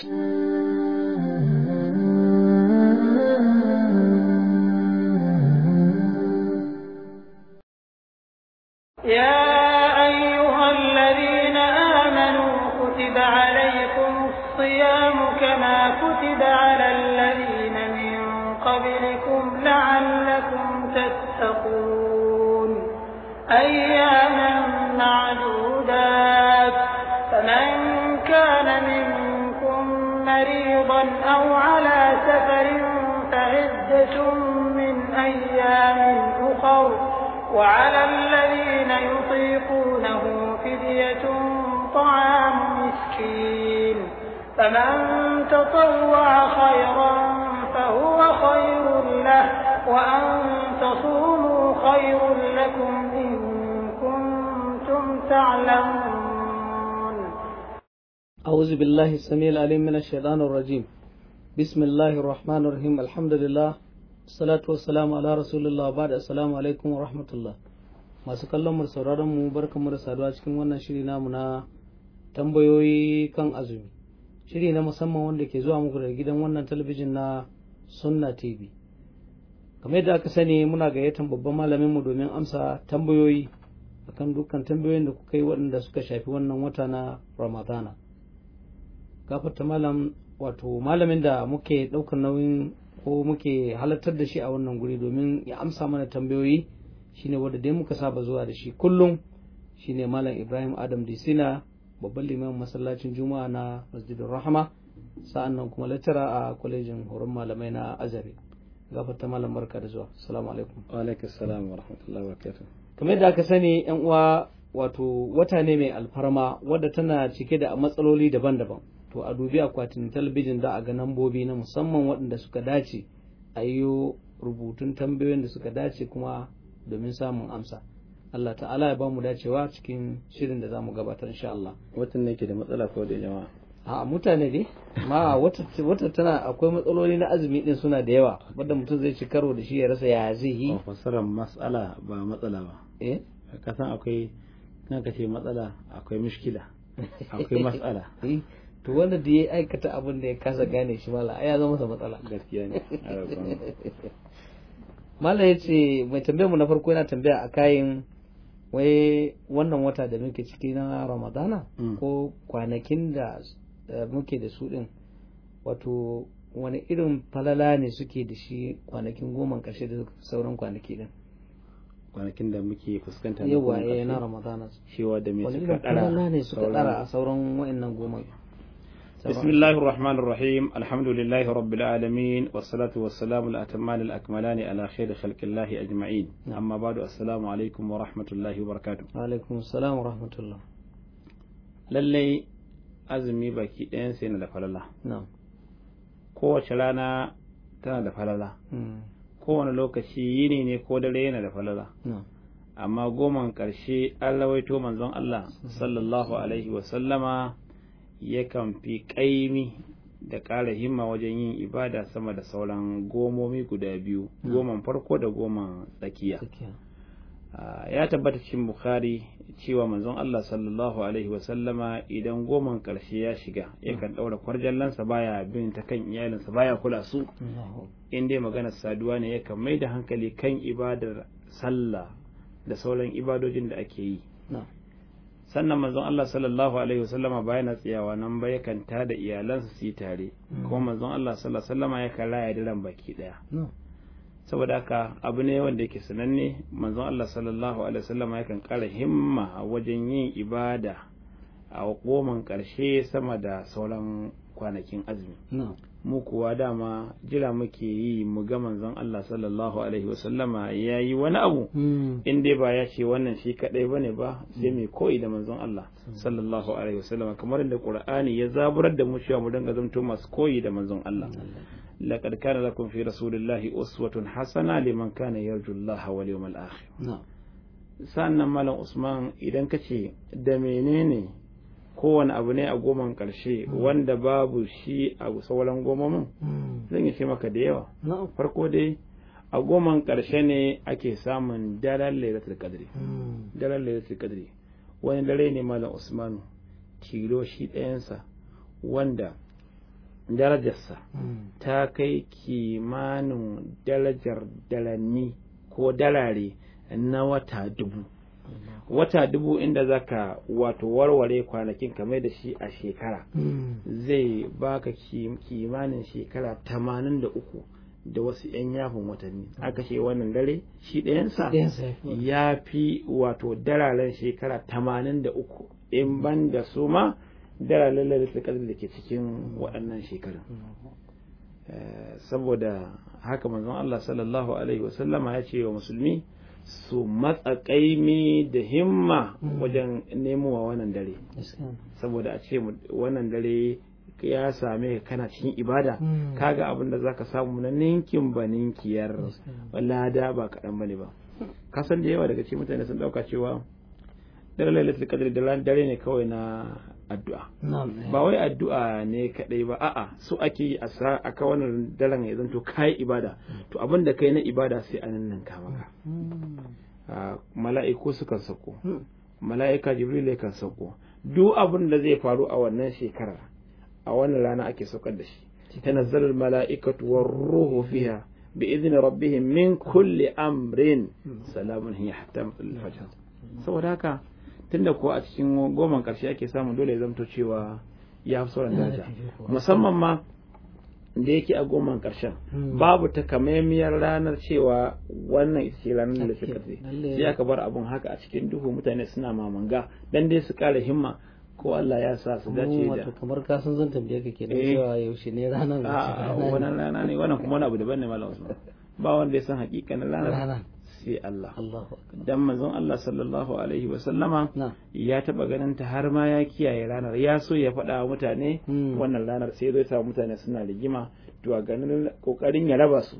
Christ. تعلمون أعوذ بالله السميع العليم من الشيطان الرجيم بسم الله الرحمن الرحيم الحمد لله الصلاة والسلام على رسول الله بعد السلام عليكم ورحمة الله masu kallon mu sauraron mu barkamu da saduwa cikin wannan shiri namu na tambayoyi kan azumi shiri na musamman wanda ke zuwa muku daga gidan wannan talabijin na sunna tv kamar yadda aka sani muna gayyatar babban malamin mu domin amsa tambayoyi akan dukkan tambayoyin da kuka yi waɗanda suka shafi wannan wata na ramadana gafarta malam wato malamin da muke ɗaukar nauyin ko muke halartar da shi a wannan guri domin ya amsa mana tambayoyi shine wanda dai muka saba zuwa da shi kullum shine malam ibrahim adam disina babban limamin masallacin juma'a na masjidin rahama sa'an nan kuma lattara a kwalejin horon malamai na azare gafarta malam barka da zuwa assalamu alaikum wa alaikum wa rahmatullahi wa barakatuh kamar yadda aka sani yan uwa wato wata ne mai alfarma wadda tana cike da matsaloli daban-daban to a dubi akwatin talabijin da a ga nambobi na musamman waɗanda suka dace a yi rubutun tambayoyin da suka dace kuma domin samun amsa Allah ta'ala ya ba mu dacewa cikin shirin da za mu gabatar insha Allah watan ne ke da matsala ko da jama'a a mutane ne ma wata tana akwai matsaloli na azumi din suna da yawa wanda mutum zai ci karo da shi ya rasa ya zai yi fasarar mas'ala ba matsala ba eh ka san akwai nan ka matsala akwai mushkila akwai matsala eh? to wanda da ya aikata abin da ya kasa gane shi mala ya zama masa matsala gaskiya ne mala ya ce mai tambayar mu na farko yana tambaya a kayan wai wannan wata da muke ciki na ramadana mm. ko kwanakin da muke da su din wato wani irin falala ne suke da shi kwanakin goma karshe da sauran kwanaki din kwanakin da muke fuskanta na yawa eh na ramadana cewa da me suka dara ne suka dara a sauran wayannan goma بسم الله الرحمن الرحيم الحمد لله رب العالمين والصلاة والسلام الأتمان الأكملان على خير خلق الله أجمعين أما بعد السلام عليكم ورحمة الله وبركاته عليكم السلام ورحمة الله للي أزمي بكي إنسان الله نعم قوة شلانا تنا الله kowane lokaci yini ne ko dare yana da falala amma goman ƙarshe an rawaito manzon Allah sallallahu alaihi wasallama yakan fi ƙaimi da ƙara himma wajen yin ibada sama da sauran gomomi guda biyu goman farko da goman tsakiya ah, ya tabbata cikin bukhari cewa manzon Allah sallallahu alaihi wasallama idan goman ƙarshe ya shiga yakan ɗaura kwarjallansa baya bin ta kan iyalinsa baya kula su in dai maganar saduwa ne yakan mai da hankali kan ibadar sallah da sauran ibadojin da ake yi sannan manzon Allah sallallahu alaihi wasallama baya na tsayawa nan ba yakan tada iyalansa su yi tare mm. kuma manzon Allah sallallahu alaihi wasallama yakan raya daren baki daya saboda haka abu ne wanda yake sananne manzon Allah sallallahu alaihi wasallam kan kara himma wajen yin ibada a goman karshe sama da sauran kwanakin azumi mu kuwa dama jira muke yi mu ga manzon Allah sallallahu alaihi wasallam ya yi wani abu hmm. in dai ba ya ce wannan shi kadai bane ba sai mai koyi da manzon Allah hmm. sallallahu alaihi wasallam kamar da Qur'ani ya zaburar da mu cewa mu dinga zamto masu koyi da manzon Allah لقد كان لكم في رسول الله أسوة حسنة لمن كان يرجو الله واليوم الآخر sannan malam usman idan ka ce da menene kowane abu ne a goman ƙarshe wanda babu shi a sauran gomamin zan yi ce maka da yawa farko dai a goman karshe ne ake samun dalar lailatul qadri daren lailatul qadri wani dare ne malam Usman. tilo shi ɗayansa wanda darajarsa hmm. ta kai kimanin darajar dalanni ko dalare na wata dubu wata dubu inda zaka wato warware kwanakin kamar da shi a shekara hmm. zai baka kimanin shekara tamanin da uku da wasu 'yan yafin watanni aka ce wannan dare shi ɗayansa ya fi wato dararen shekara tamanin da uku in ban da su ma dara lallai da kadar da ke cikin waɗannan shekarun eh, saboda haka manzon Allah sallallahu alaihi wasallama ya ce wa musulmi su matsa da himma wajen nemo wa wannan dare saboda a ce wannan dare ya same kana cikin ibada kaga abin da zaka samu na ninkin ba ninkiyar lada ba kaɗan bane ba kasan da yawa daga ce mutane sun ɗauka cewa dare lailatul dare ne kawai na addu'a ba wai addu'a ne kadai ba a'a su ake yi a sa a wannan daren ya zanto kai ibada to abin da kai na ibada sai an nan ka maka hmm. ah, mala'iku sukan sako hmm. mala'ika jibril kan sauko duk abin da zai faru a wannan shekara a wannan rana ake saukar da shi ruhu الملائكة bi فيها rabbihim min kulli amrin hmm. salamun hiya hatta حتى الفجر Saboda haka tunda ko a cikin goman karshe ake samu dole ya zamto cewa ya fi sauran daraja musamman ma da yake a goman karshen hmm. babu takamaimiyar ranar cewa wannan ita ce ranar da suka ce. sai aka bar abun haka a cikin duhu mutane suna mamanga dan dai su kara himma ko Allah ya sa su dace da wato kamar ka san zan tambaye ka kenan eh. cewa yaushe ne ranar ah, wannan rana ne wannan kuma wani abu daban ne malam Usman ba wanda ya san hakikanin ranar sai Allah dan manzon Allah sallallahu alaihi wasallama ya taɓa ganin ta har ma ya kiyaye ranar ya so ya faɗa wa mutane hmm. wannan ranar sai zai samu mutane suna rigima to a ganin ƙoƙarin ya raba su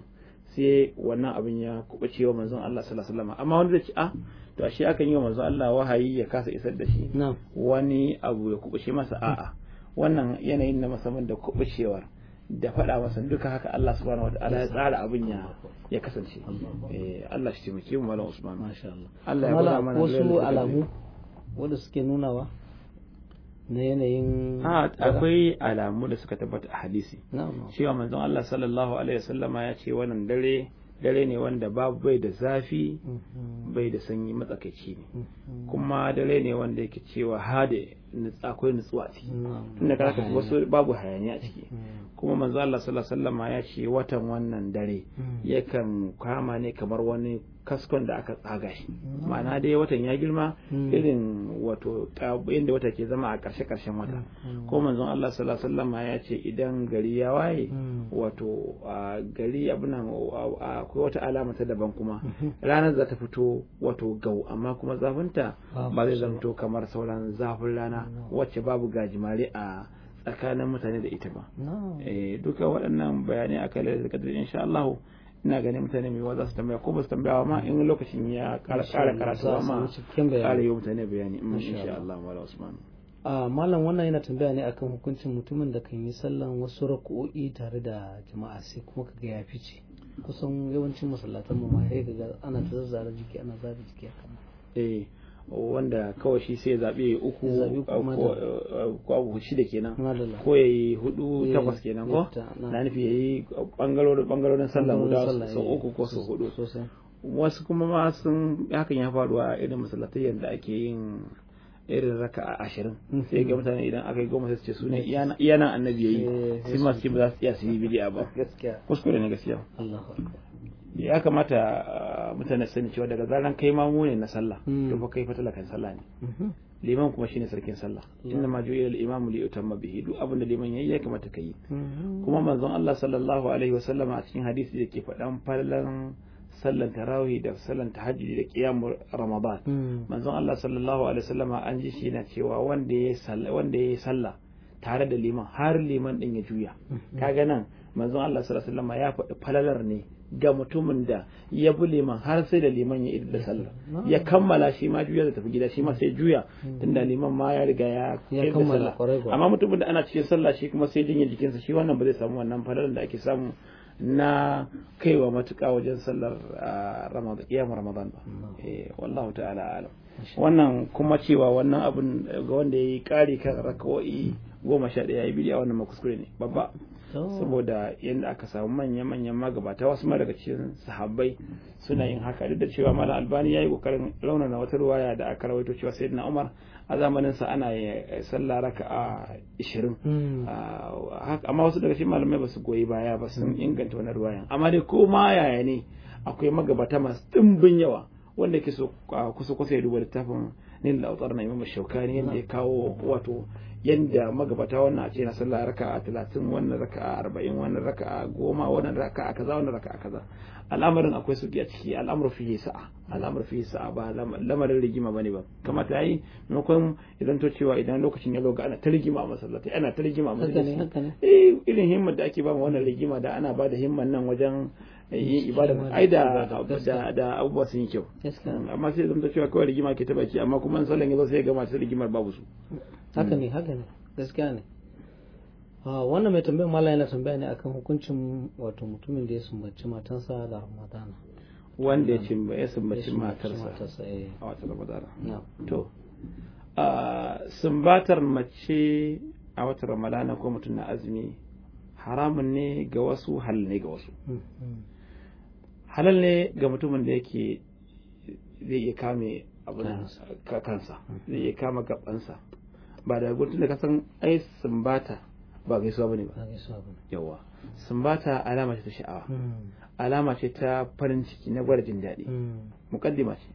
sai wannan abin ya kubuce wa manzon Allah sallallahu alaihi wasallama amma wanda ce a ah, to shi akan yi wa manzon Allah wahayi ya kasa isar da shi wani abu ya kubuce masa a'a wannan yanayin na musamman da kubucewar da faɗa masa duka haka Allah subhanahu wa ta'ala ya tsara abin ya ya kasance eh, Allah shi taimake mu malam Usman masha Allah Allah ya mana wasu alamu wanda suke nunawa na yanayin akwai alamu da suka tabbata a hadisi cewa manzon Allah sallallahu alaihi wasallama ya ce wannan dare dare ne wanda babu bai da zafi mhm. bai da sanyi matsakaici ne mhm. kuma dare ne wanda yake cewa hade akwai nutsuwa a ciki mm. tunda ka ka wasu mm. babu hayaniya a ciki mm. kuma manzo Allah sallallahu alaihi wasallam ya ce watan wannan dare yakan kama ne kamar wani kaskon da aka tsaga shi ma'ana dai watan ya girma irin wato yadda wata ke zama a karshe karshen wata ko manzo Allah sallallahu alaihi wasallam ya ce idan gari ya waye wato gari abuna akwai wata alama ta daban kuma mm-hmm. ranar za ta fito wato gau amma kuma zafinta ba zai zanto kamar sauran zafin rana rana wacce babu gajimare a tsakanin mutane da ita ba eh, duka waɗannan bayanai kai da kadar insha Allah ina ganin mutane mai za su tambaya ko ba su tambaya ma in lokacin ya ƙara karatu ma ƙara yi mutane bayani mm, insha Allah mala Usman a ah, malam wannan yana tambaya ne akan hukuncin mutumin da kan yi sallan wasu raku'o'i tare da jama'a sai kuma kaga ya fice kusan yawancin masallatan mu ma sai ga ana zazzara jiki ana zaga jiki akan eh wanda kawai shi sai zaɓe uku ko abu shida kenan ko ya yi hudu takwas kenan ko na nufi ya yi ɓangarorin sallah guda sau eh, uku ko sau hudu wasu kuma ma sun hakan ya faruwa a irin masallatai yadda ake yin irin raka a ashirin mm-hmm. sai ga mutane idan aka yi goma sai su ce sune iyanan nan annabi ya yi eh, sai masu ce ba za su iya su yi bidiya ba kuskure ne gaskiya ya kamata ah, mutane su sani cewa daga zaran kai mamu ne na sallah hmm. to fa kai fatala kan sallah ne mm-hmm. liman kuma shine sarkin sallah inna ma ju'ila al-imam li yutamma bihi duk abin da liman yayi ya kamata kai mm-hmm. kuma manzon Allah sallallahu alaihi wa sallama a cikin hadisi yake faɗan fallan sallan tarawih da sallan tahajjud da qiyam ramadan mm. manzon Allah sallallahu alaihi wa sallama an ji shi na cewa wanda ya sallah wanda yayi sallah tare da liman har liman din ya juya mm-hmm. kaga nan manzon Allah sallallahu alaihi wa sallama ya faɗi falalar ne ga mutumin da ya bi liman har sai da liman ya idda sallah ya kammala shi ma juya da tafi gida shi ma sai juya hmm. tunda liman ma ya riga ya kammala amma mutumin da ana cikin sallah shi kuma sai jinya jikinsa shi wannan ba zai samu wannan fadalar da ake samu na kaiwa matuƙa wajen sallar ah, iyam ramadan ba eh, wallahu ta'ala alam wannan kuma cewa wannan abun ga wanda ya yi ƙari kan rakawai goma sha ɗaya ya yi bidiya wannan makuskure ne babba saboda yadda aka samu manya-manyan magabata wasu ma daga cikin sahabbai suna yin haka duk da cewa malam albani ya yi kokarin launin wata ruwaya da aka rawaito cewa na umar a zamanin sa ana eh, sallah a ishirin. Hmm. Ah, amma wasu daga cikin malamai ba su goyi baya ba sun inganta wani ruwayan amma dai ko ma yaya ne akwai magabata masu ɗimbin yawa wanda ke so ah, kusa kusa ya duba littafin da autar na imam shaukani yadda ya kawo wato yadda magabata wannan a ce na sallah raka a talatin wannan raka a arba'in wannan raka a goma wannan raka a kaza wannan raka a kaza al'amarin akwai su a ciki al'amur fiye sa'a al'amur fiye sa'a ba lamarin rigima bane ba kamata yi maimakon idan to cewa idan lokacin ya loga ana ta rigima a masallatai ana ta rigima a masallatai eh irin himmar da ake ba wannan rigima da ana ba da himman nan wajen Eh, yin ibada ai da da abubuwa sun yi kyau amma sai zama cewa kawai rigima ke ta baki amma kuma sallan yazo sai ya gama sai rigimar babu su haka ne haka ne gaskiya ne ah, wannan mai tambayar mallam yana tambaya ne akan hukuncin wato mutumin da ya sumbaci matansa da ramadana wanda ya cimba ya sumbaci matarsa eh. a wata ramadana to ah, sumbatar mace a wata ramadana ko mutum na azumi haramun ne ga wasu hal ne ga wasu mm, mm. halal ne ga mutumin da yake zai iya kame abin kansa hmm. zai iya kama gabansa ba da gutun da ka san ai sumbata ba gaisuwa bane ba yawa sumbata alama ce ta sha'awa hmm. alama ce ta farin ciki na gwada jin daɗi hmm. mukaddima ce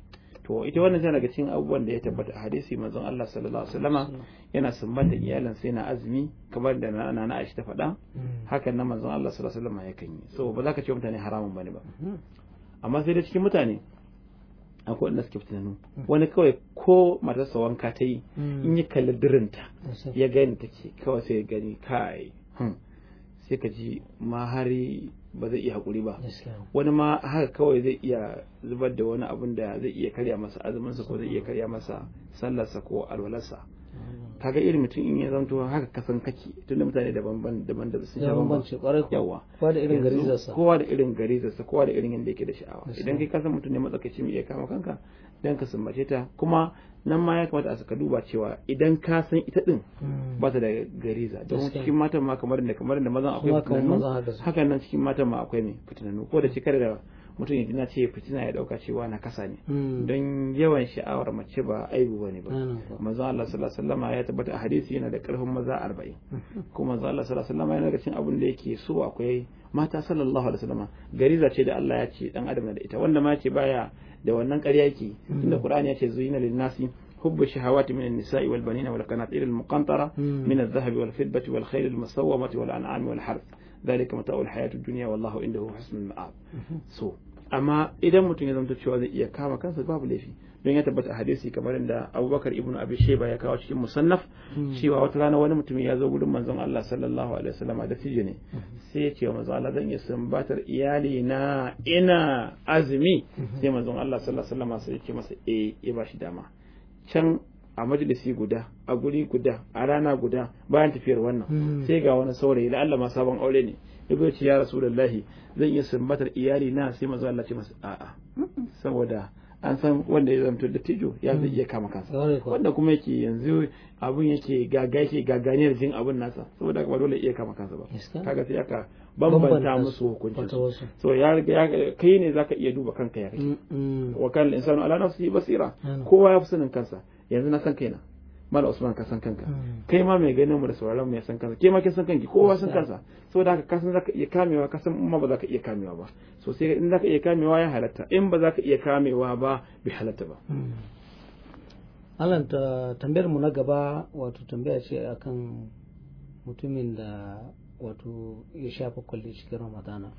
to ita wannan tana daga cikin abubuwan da ya tabbata a hadisi manzon Allah sallallahu alaihi wasallama yana sumbanta iyalan sai na azumi kamar da nana na Aisha ta faɗa mm. hakan nan manzon Allah sallallahu alaihi wasallama yakan yi so ba za ka ce mutane haramun bane ba mm-hmm. amma sai da cikin mutane akwai wanda suke fitinanu mm. wani kawai ko matarsa wanka ta yi mm. in yi kalli dirinta ya gani take kawai sai ya gani kai hmm, sai ka ji ma hari ba zai iya haƙuri ba wani ma haka kawai zai iya zubar da wani abin da zai iya karya masa azuminsa ko zai iya karya masa sallarsa ko alwalarsa kaga irin mutum in ya zanto haka kasan kake tun da mutane daban daban da sun sha bambanci kwarai ko kowa da irin garizarsa kowa da irin garizarsa kowa da irin yanda yake da sha'awa idan kai kasan mutum ne matsakaici mai iya kama kanka dan ka sumbace ta kuma nan ma ya kamata a saka duba cewa idan ka san ita din hmm. ba ta da gariza don cikin matan ma kamar da kamar da mazan akwai fitinannu hakan nan cikin matan ma akwai ne fitinannu ko da shi da mutum ya dina ce fitina ya dauka cewa na kasa ne hmm. don yawan sha'awar mace ba aibu bane ba manzo Allah sallallahu alaihi wasallam ya tabbata a hadisi yana da karfin maza 40 kuma manzo Allah sallallahu alaihi wasallam yana da cin abin da yake so akwai mata sallallahu alaihi wasallam gariza ce da Allah ya ce dan adam na da ita wanda ma ce baya da wannan ƙarya yake mm. tunda Qur'ani ya ce zuyina lin hubbu shahawati minan an-nisa'i wal banina wal qanatir al muqantara mm. min adh-dhahabi wal fiddati wal khayl al musawwamati wal an'ami wal harth dhalika mata'u al hayati wallahu indahu husnul mm-hmm. so amma idan mutum ya zanto cewa zai iya kama kansa babu laifi don ya tabbata a hadisi kamar da abubakar ibnu abi sheba ya kawo cikin musannaf hmm. cewa wata rana wani mutum ya zo gudun manzon Allah sallallahu alaihi wasallam da tije ne hmm. sai ya ce manzon Allah zan yi sumbatar iyali na ina azumi hmm. sai manzon Allah sallallahu alaihi wasallam sai ya ce masa eh ya ba shi dama can a majalisi guda a guri guda a rana guda bayan tafiyar wannan sai ga wani saurayi la Allah ma sabon aure ne ya ce ya rasulullahi zan iya sumbatar iyali na sai manzon Allah ce masa a'a saboda an san wanda ya zamto da tijo ya zai hmm. iya kama kansa wanda kuma yake yanzu abun yake gaga yake gaganiyar jin abun nasa saboda ba dole iya kama kansa ba kaga sai aka bambanta musu hukuncin so ya kai ne zaka iya duba kanka ya kai hmm, hmm. wa kan insanu ala nafsihi basira kowa ya fi sanin kansa yanzu na san kaina mala usman ka san kanka hmm. kai ma mai ganin mu da sauraron mu ya san kanka kai ma kin san kanki kowa san kansa saboda haka ka san zaka iya kamewa ka san ma ba zaka iya kamewa ba so sai in zaka iya kamewa ya halatta in ba zaka iya kamewa ba bi halatta ba hmm. Allah ta tambayar mu na gaba wato tambaya ce akan mutumin da wato ya shafa kulli cikin Ramadana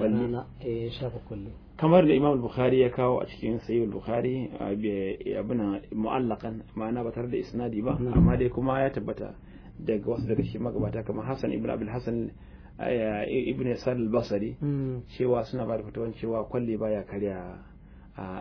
kwalli eh, ya shafa kulli kamar da imam bukhari ya kawo a cikin sayyid bukhari abin mu'allakan ma'ana ba tare da isnadi ba amma dai kuma ya tabbata daga wasu daga shi magabata kamar hassan ibn abul hassan eh, ibn yasar al-basri hmm. cewa suna ba da kwalli cewa kwalle baya karya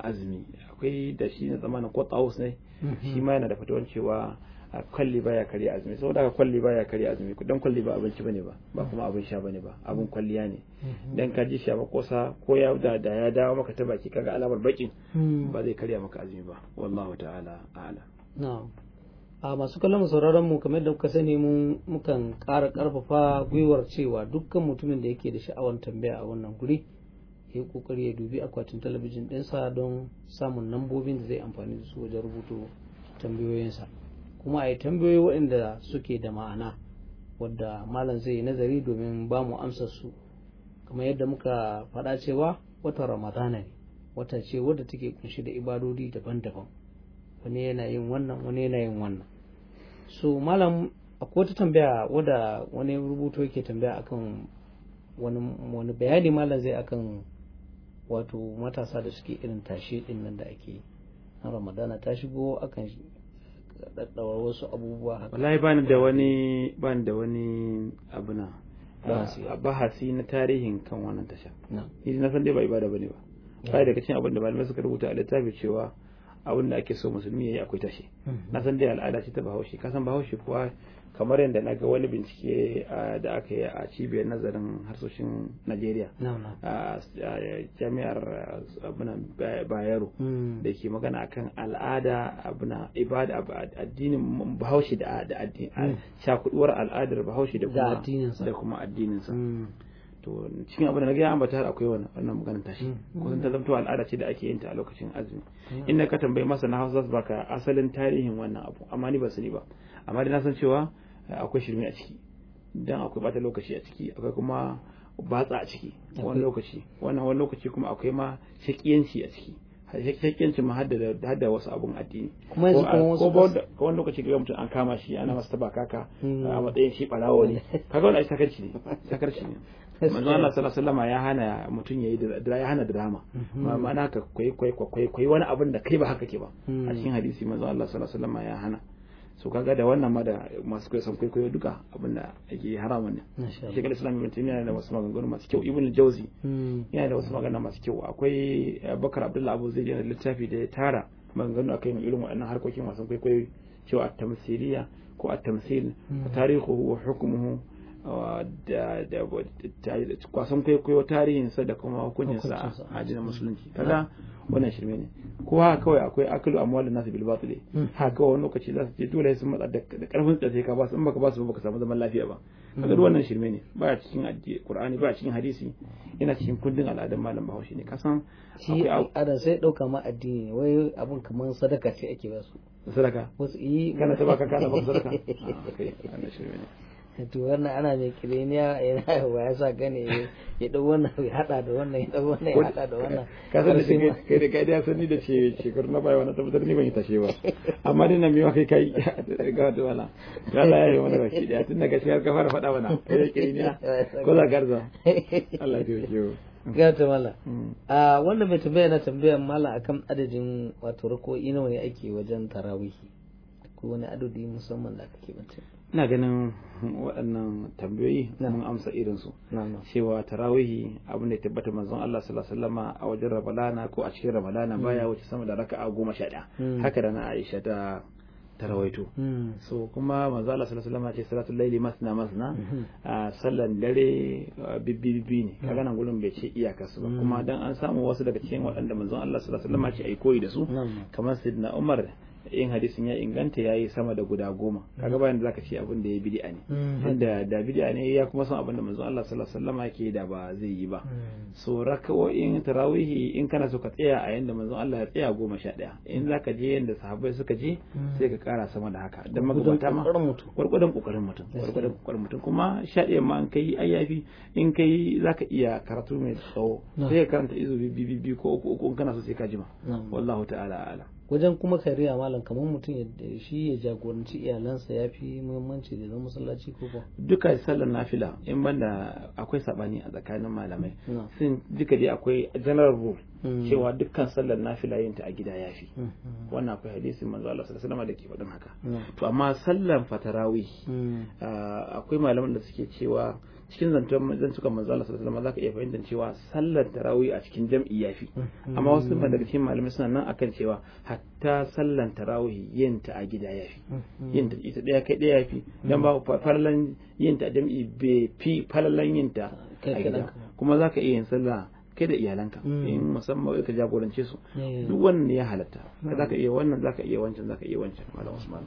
azumi akwai da shi na zamanin kwatsaus ne hmm, hmm. shi ma yana da fatawan cewa a kwalli ya kare azumi saboda haka kwalli ba ya kare azumi don kwalli ba abinci bane ba ba hmm. kuma abin sha bane ba abin hmm. kwalliya ne hmm. dan ka ji sha kosa ko ya da da ya dawo maka ta baki kaga alamar bakin ba zai kare maka azumi ba wallahu ta'ala a'ala na'am a masu kallon sauraron mu kamar da kuka sani mu mukan ƙara ƙarfafa gwiwar cewa dukkan mutumin da yake da sha'awar tambaya a wannan guri ya yi kokari ya dubi akwatin talabijin ɗinsa don samun lambobin da zai amfani da su wajen rubuto tambayoyinsa kuma a yi tambayoyi waɗanda suke da ma'ana wadda malam zai yi nazari domin ba mu amsa su kamar yadda muka faɗa cewa wata ramadana ne wata ce wadda take kunshi da ibadodi daban-daban wani yana yin wannan wani yana yin wannan so malam akwai wata tambaya wadda wani rubuto yake tambaya akan wani bayani malam zai akan wato matasa da suke irin tashe din nan da ake yi ramadana ta shigo akan daddawa wasu abubuwa haka wallahi bani da wani ba da wani bahasi na tarihin kan wannan tasha ni na san dai ba ibada bane ba bai daga cikin abin da malamai suka rubuta a littafi cewa abin da ake so musulmi yayi akwai tashi mhm. na san dai al'ada ce ta bahaushe ka san bahaushe kuwa kamar yadda na ga wani bincike da aka yi a cibiyar nazarin harsoshin najeriya a jami'ar bayero hmm. da ke magana akan al'ada abuna ibada addinin bahaushe da hmm. shakuduwar al'adar bahaushe da kuma addininsa hmm. to cikin abin da na gaya ambata har akwai wannan wannan maganar Ko kusan ta zamto al'ada ce da ake yin ta a lokacin azumi inda ka tambayi masana hausa baka asalin tarihin wannan abu amma ni ba sani ba amma dai na san cewa akwai shirme a ciki dan akwai bata lokaci a ciki akwai kuma batsa a ciki wani lokaci wannan wani lokaci kuma akwai ma shakiyanci a ciki shakiyanci ma har da wasu abun addini kuma yanzu kuma wasu ko wani lokaci ga mutum an kama shi ana masa taba kaka hmm. a matsayin shi barawo ne kaga wannan sakarci ne sakarci ne manzo Allah sallallahu alaihi wasallam ya hana mutum yayi da ya hana drama hmm. ma'ana ka kwai kwai kwai wani abin da kai ba haka ke ba a hmm. cikin hadisi manzo Allah sallallahu alaihi wasallam ya hana so kaga da wannan ma da masu kai san kwaikwayo duka abin da ake harama ne shekar islam ibn taymiya yana da wasu maganganu masu kyau ibn jauzi hmm. yana da wasu magana masu kyau akwai eh, bakar abdullahi abu zai yana littafi da ya tara maganganu akan irin waɗannan harkokin wasan kwaikwayo cewa at-tamsiliya ko at-tamsil hmm. tarihu wa hukmuhu da kwasan kwaikwayo tarihinsa da kuma hukuncinsa a addinin mm. musulunci mm. kaga wannan shirme ne ko haka kawai akwai akalu amwal nasu bil batil mm. haka kawai wani lokaci za su je dole sun matsa da karfin tsaye ka ba su in baka ba su ba baka samu zaman lafiya ba kaga wannan shirme ne ba cikin qur'ani ba cikin hadisi yana cikin kundin al'adun malam bahaushe ne kasan shi adan sai dauka ma addini wai abun kamar sadaka ce ake ba su sadaka wasu yi kana ta baka kana ba sadaka ah, kai wannan shirme ne to wannan ana mai kiriniya yana wa ya sa gane ya dau wannan ya hada da wannan ya dau wannan ya hada da wannan ka san shi kai da kai da sani da ce shekaru na bai wannan tabbatar ni ban yi tashe ba amma dai na miwa kai kai ga wata wala Allah ya yi wani baki da tun daga shigar ka fara faɗa mana kai kiriniya ko za garza Allah ya yi ga ta mala mm. a wannan mai tambaya na tambayar mala akan adadin wato rako'i nawa ne ake wajen tarawihi ko wani adadi musamman da aka mutum ina ganin waɗannan tambayoyi mun amsa irin su cewa tarawihi abin da ya tabbata manzon Allah sallallahu alaihi wasallam a wajen rabalana ko a cikin rabalana hmm. baya wuce sama da raka'a goma sha ɗaya hmm. haka da na Aisha ta tarawaito hmm. so kuma manzo Allah sallallahu alaihi wasallam ce salatul laili masna masna a sallan dare bibbi ne kaga nan gurin bai ce iyaka su ba kuma dan an samu wasu daga cikin waɗanda manzon Allah sallallahu alaihi wasallam ce ai koyi da su kamar sayyidina Umar in hadisin ya inganta ya yi sama da guda goma kaga bayan da zaka ce abin da ya bid'a ne inda mm. da bid'a ne ya kuma san abin da manzon Allah sallallahu alaihi wasallam yake da ba zai yi ba mm. so raka'o'in tarawihi in kana so ka tsaya a yanda manzon Allah ya tsaya goma sha daya in mm. zaka je yanda sahabbai suka je sai ka kara sama da haka dan magabata ma gwargwadon kokarin mutum gwargwadon kokarin mutum kuma sha daya ma in kai ayyafi in kai zaka iya karatu mai tsawo sai ka karanta izu biyu biyu ko uku uku in kana so sai ka jima wallahu ta'ala a'lam wajen kuma kariya malam kamar mutum shi ya jagoranci iyalansa ya fi muhimmanci da masallaci ko ba duka sallar nafila in banda akwai sabani a tsakanin malamai sun duka dai akwai general rule Mm. cewa dukkan sallar nafila yin ta a gida ya fi. Mm. wannan akwai hadisin manzo Allah sallallahu alaihi da ke faɗin haka mm. to amma sallan fatarawi akwai malaman da suke cewa cikin zancen zantukan manzo Allah sallallahu alaihi zaka iya fahimtar cewa sallar tarawih a cikin jam'i fi. amma wasu ma daga cikin malamai suna nan akan cewa hatta sallar tarawih yin ta a gida ya fi yin ta ita daya kai daya fi dan ba farlan yin ta a jam'i bai fi farlan yin ta a gida kuma zaka iya yin sallah kai da iyalanka in mm. eh, musamman ka jagorance su eh. duk wannan ya halatta mm. zaka iya wannan zaka iya wancan zaka iya wancan malam Usman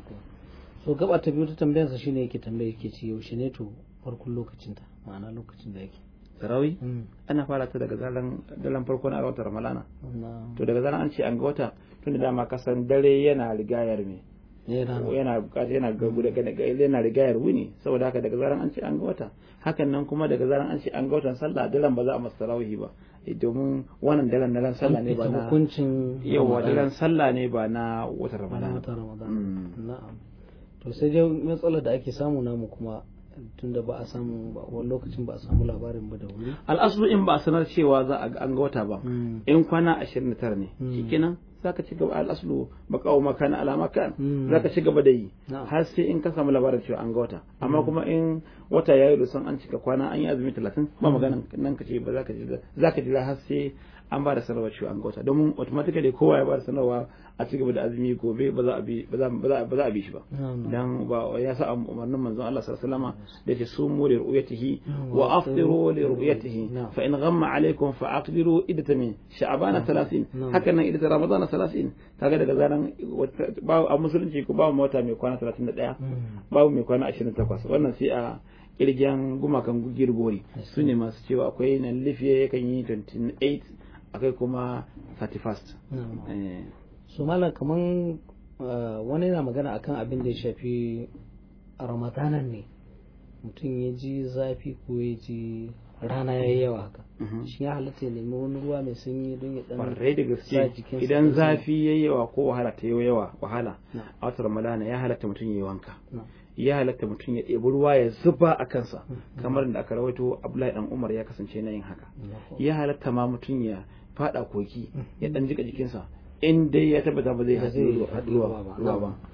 so gaba ta biyu ta tambayar sa shine yake tambaye yake ce yaushe ne to farkon lokacin ta ma'ana lokacin da yake sarawi mm. ana fara ta daga zaran dalan farko na watan ramalana to daga zaran an ce an ga wata tun da dama kasan dare yana rigayar me yana bukata yana yana rigayar wuni saboda haka daga zaran an ce an ga wata hakan nan kuma daga zaran an ce an ga watan sallah dalan ba za a masa tarawihi ba Eh, domin wannan daren daren sallah ne ba na hukuncin yawa daren sallah ne ba na wata ramadan mm. na'am to sai dai matsalar da ake samu namu kuma tunda ba a samu wani lokacin ba a samu labarin ba da wuri al'aslu in ba a sanar cewa za a an ga wata ba hmm. in kwana 29 ne hmm. shikenan zaka ci gaba al'aslu ba kawo makana alama kan hmm. zaka ci gaba da yi har sai in ka samu labarin cewa an ga wata amma kuma in wata yayi san an cika kwana an yi azumi 30 ba maganan nan ka ce ba zaka ji zaka ji har sai an ba da sanarwa cewa an gauta domin automatically kowa ya ba da sanarwa a ci gaba da azumi gobe ba za a bi shi ba dan ba ya sa umarnin manzon Allah sallallahu alaihi wasallama da yake sumu li ru'yatihi wa afṭiru li ru'yatihi fa in ghamma alaykum fa aqdiru iddata min sha'bana 30 haka nan idata ramadan 30 kaga daga zaran ba a musulunci ko ba mota mai kwana 31 hmm. babu mai kwana 28 wannan sai a kirgen gumakan gugir gori su ne masu cewa akwai nan lifiya yakan yi 28 akai kuma 31st eh. su malam kaman eh, wani yana magana akan abin da ya shafi ramadanan ne mutum ya ji zafi ko ya ji rana ya yi yawa haka mm-hmm. shi ya halatta ya nemi wani ruwa mai sanyi don ya dan sa da idan zafi ya yi yawa ko wahala ta yi yawa wahala a wata ramadana ya halatta mutum ya yi wanka ya halatta mutum ya ɗebi ruwa ya zuba a kansa mm-hmm. kamar da aka rawaito abdullahi dan umar ya kasance na yin haka ya halatta ma mutum ya fada koki mm. ya dan jika jikinsa in dai ya tabbata ba zai haɗu ruwa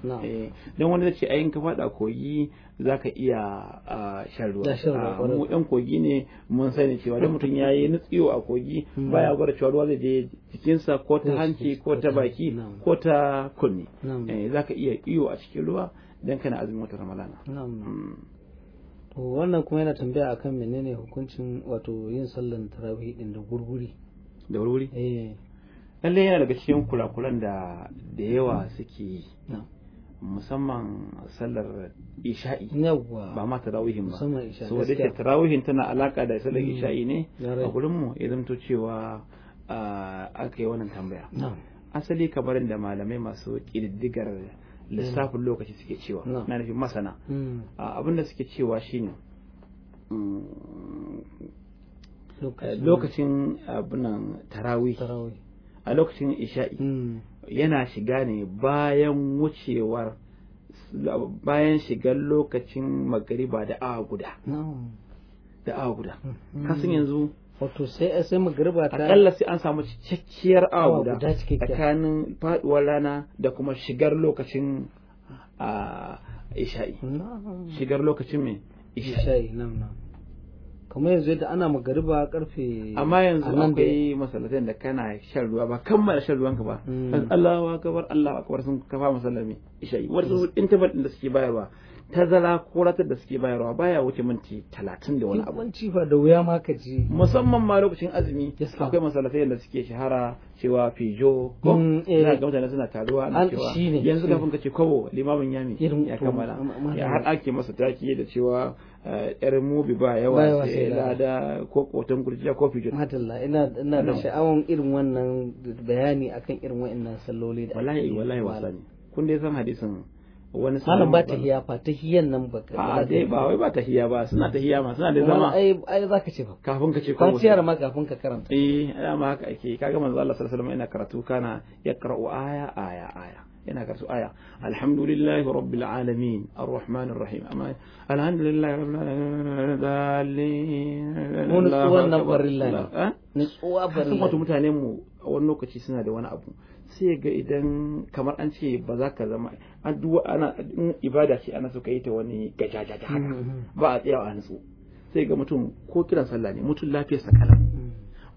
ba eh, don wani zai ce ayin ka faɗa kogi za ka iya shan ah, mu ɗan kogi ne mun sani cewa don mutum ya yi nutsiyo a kogi mm. baya gwada cewa ruwa zai je jikinsa ko ta hanci ko ta baki ko ta kunni eh, za ka iya iyo a cikin ruwa don kana azumin wata ramalana mm. wannan kuma yana tambaya akan menene hukuncin wato yin sallan tarawih din da gurguri da wuri eh. lallai yana daga cikin kulakulan da da yawa suke yi musamman sallar isha'i ba ma tarawihin ba so da ke tarawihin tana alaka da sallar mm. isha'i ne a gurin mu ya zamto cewa aka yi wannan tambaya asali kamar da malamai masu kididdigar mm. lissafin lokaci suke cewa na nufin masana mm. abinda suke cewa shine lokacin abunan tarawi a lokacin isha'i hmm. yana shiga ne bayan wucewar bayan shigar lokacin magariba da awa guda da awa guda hmm. kasan yanzu wato sai sai magariba ta akalla sai an samu cikakkiyar awa guda tsakanin faduwar rana da kuma shigar lokacin a ah, isha'i shigar lokacin mai isha'i kamar yanzu yadda ana magariba karfe amma yanzu an akwai masallatan da kana shan ruwa ba kammala shan ruwan ka ba hmm. Allahu akbar allah akbar sun kafa masallami isha'i wasu intabar tabbata da suke bayarwa tazara ko ratar da suke bayarwa baya wuce minti talatin da wani abu. Yawanci ba da wuya ma ka ji. Musamman ma lokacin azumi akwai masalafai yadda suke shahara cewa fijo ko na mm, eh. ga mutane suna taruwa na cewa yanzu kafin mm. ka ce kwabo limamin ya yami ya kammala ya har ake masa taki da cewa eh, yar mubi ba yawa sai lada ko kotan gurjiya ko fijo. Madalla ina ina da sha'awan irin wannan bayani akan irin wa'annan salloli da. Wallahi wallahi wasani. Kun dai san hadisin wani malam ba ta hiya fa ta hiyan nan ba a dai ba wai ba ta hiya ba suna ta hiya ma suna da zama ai ai zaka ce ba kafin ka ce ko fatiyar ma kafin ka karanta eh ma haka ake kaga manzo Allah sallallahu alaihi wasallam yana karatu kana yaqra'u aya aya aya yana karatu aya alhamdulillahi rabbil alamin arrahmanir rahim amma alhamdulillahi rabbil alamin dalin mun tsuwan nan barilla ne eh? tsuwa barilla kuma mutanen mu wani lokaci suna da wani abu sai ga idan kamar an ce ba za ka zama duwa ana in ibada ce ana so ka ta wani gajajaja haka mm-hmm. ba a tsayawa a nutsu sai ga mutum ko kiran sallah ne mutum lafiyarsa kalam mm.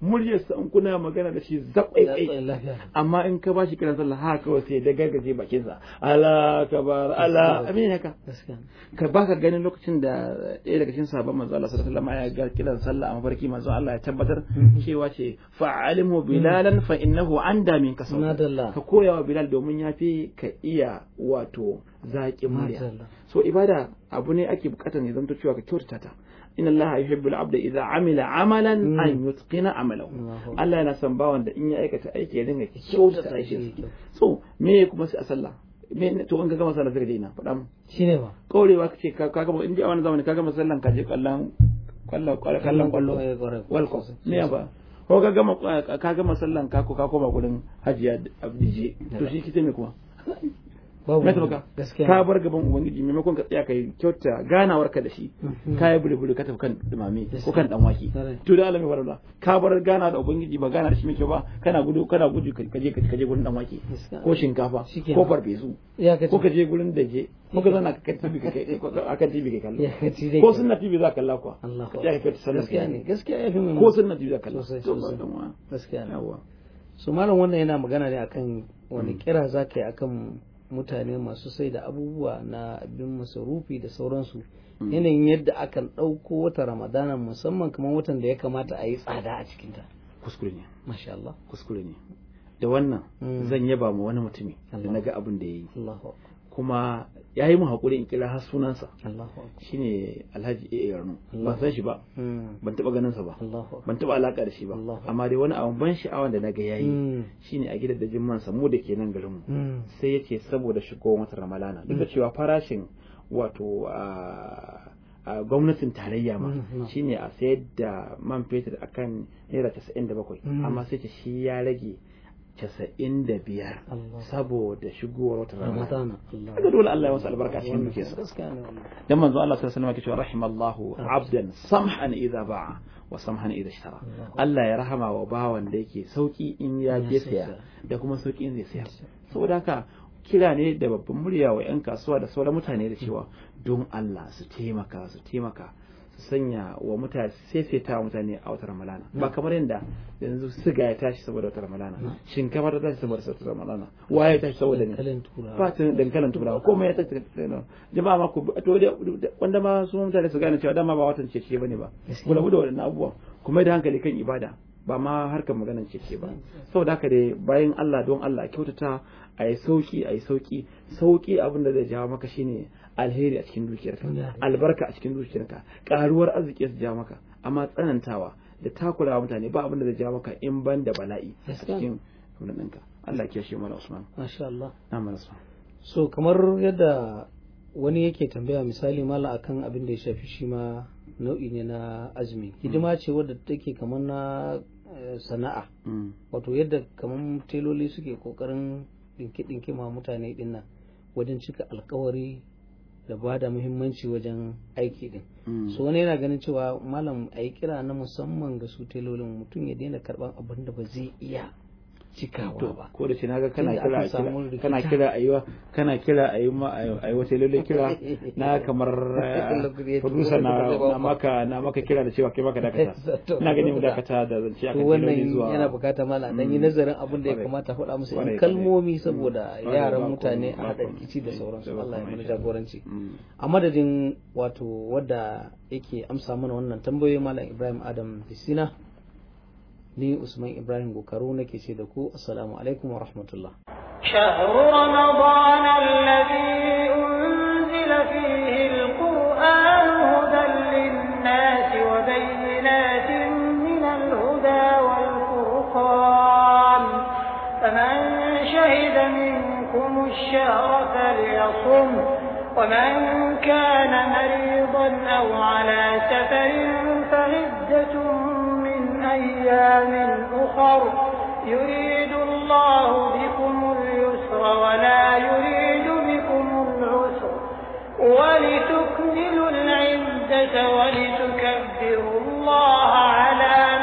muryarsa in kuna magana da shi zaɓaiɓai amma in ka bashi kiran sallah haka kawai sai da gargaje bakinsa ala kabar ala amin haka ka baka ganin lokacin da ɗaya daga cikin sabon manzo Allah sallallahu alaihi wasallam ya kiran sallah a mafarki manzo Allah ya tabbatar mm-hmm. cewa ce fa'alimu bilalan fa innahu anda min kasau ka koya wa bilal domin ya fi ka iya wato zaƙin murya so ibada abu ne ake bukatar ne zanto cewa ka kyautata ta inna Allah yuhibbul abda idza amila amalan mm. an yutqina amalahu Allah yana son bawan da in ya aikata aiki ya dinga kyautata aikin so me kuma sai a sallah me to in ka gama sallah zai ka daina faɗa mu shine ba kaurewa kace ka gama in ji a wannan zamani ka gama sallan ka je kallon kallon kallon kwallo walko ne ba ko ka gama ka gama sallan ka ko ka koma gurin hajiya abdije to shi kike me kuma ka bar gaban ubangiji maimakon ka tsaya kai kyauta ganawar ka da shi mhm. ka yi buri buri ka tafi kan dumame ko kan dan wake to da alamin warala ka bar gana da ubangiji ba gana da shi mai kyau ba kana gudu kana gudu ka je ka je gurin dan wake ko shinkafa ko farfesu ko ka je gurin daje ko ka zauna kan tibi ka kai akan tibi ka kallo ko sunna tibi za ka kalla kuwa ka kai ka tsaya gaskiya ne gaskiya ya fi mun ko sunna tibi za ka kalla gaskiya ne su malam wannan yana magana ne akan wani mm. kira zakai akan mutane masu sai da abubuwa na abin masarufi da sauransu hmm. yanayin yadda akan ɗauko wata ramadana musamman kamar watan da ya kamata a yi tsada a cikinta kuskure ne masha Allah kuskure ne da wannan hmm. zan yaba mu wani mutumi da naga abin da ya yi kuma ya yi mu haƙuri in kira har sunansa shine alhaji a yarno ban san shi ba hmm. ban taɓa ganinsa ba ban taɓa alaƙa da shi ba amma dai wani abin ban sha'awa da na ga yayi hmm. shine a gidan da sa mu da ke nan garinmu hmm. sai yake saboda shigo wata ramalana duk da cewa farashin wato a gwamnatin tarayya ma shine a sayar da man fetur akan naira casa'in da bakwai amma sai ta shi ya rage casa'in da biyar saboda shigowar wata ramadana kaga dole Allah ya wasu albarka cikin muke sa dan manzo Allah sai sallama wasallam cewa rahimallahu abdan samhan idza ba'a wa samhan idza ishtara Allah ya rahama wa bawan da yake sauki in ya je saya da kuma sauki in zai sayar saboda haka kira ne da babban murya wa 'yan kasuwa da sauran mutane da cewa hmm. don Allah su taimaka su taimaka sanya wa mutane sai ta mutane a wata ramalana ba hmm. kamar yadda yanzu siga ya tashi saboda wata ramalana hmm. shinkafa ta tashi saboda wata ramalana waye ya tashi saboda ne fatin dankalin turawa mai ya tashi jama'a ma ku to wanda ma su mutane su gane cewa dama ba watan cece ne ba kula da waɗannan abubuwan kuma da hankali kan ibada ba ma harkar maganar cece ba saboda haka dai bayan Allah don Allah kyautata a yi sauki a yi sauki sauki abin da zai jawo maka shine alheri a cikin dukiyarka albarka a cikin dukiyarka karuwar arziki su ja maka amma tsanantawa da takurawa mutane ba abin da zai ja maka in ban da bala'i a cikin ɗinka Allah ke shi mana Usman masha Allah na Usman so kamar yadda wani yake tambaya misali mala akan abin da ya shafi shi ma nau'i ne na azumi mm. hidima ce wadda take kamar na eh, sana'a mm. wato yadda kamar teloli suke kokarin dinke-dinke ma mutane dinnan wajen cika alkawari da ba da muhimmanci wajen aiki din mm. so wani yana ganin cewa malam a yi kira na musamman ga su telolin mutum ya daina karban abin da ba zai iya cikawa ba ko da ce naga kana kira kana kira ayuwa kana kira ayuma wata lalle kira na kamar producer na maka na maka kira da cewa kai maka dakata ina gani mu dakata da zance akan wannan yana bukata mala dan yi mm. nazarin abin da ya kamata faɗa musu in kalmomi saboda mm. yaran mutane a hada kici da mm. sauransu Allah ya mana jagoranci a madadin wato wadda yake amsa mana wannan tambayoyi malam Ibrahim Adam Fisina ني Usman ابراهيم Bukaro nake ce السلام عليكم ورحمه الله شهر رمضان الذي أنزل فيه القرآن هدى للناس وبينات من الهدى والفرقان فمن شهد منكم الشهر فليصم ومن كان مريضا أو على سفر فعدة أيام أخر يريد الله بكم اليسر ولا يريد بكم العسر ولتكملوا العزة ولتكبروا الله على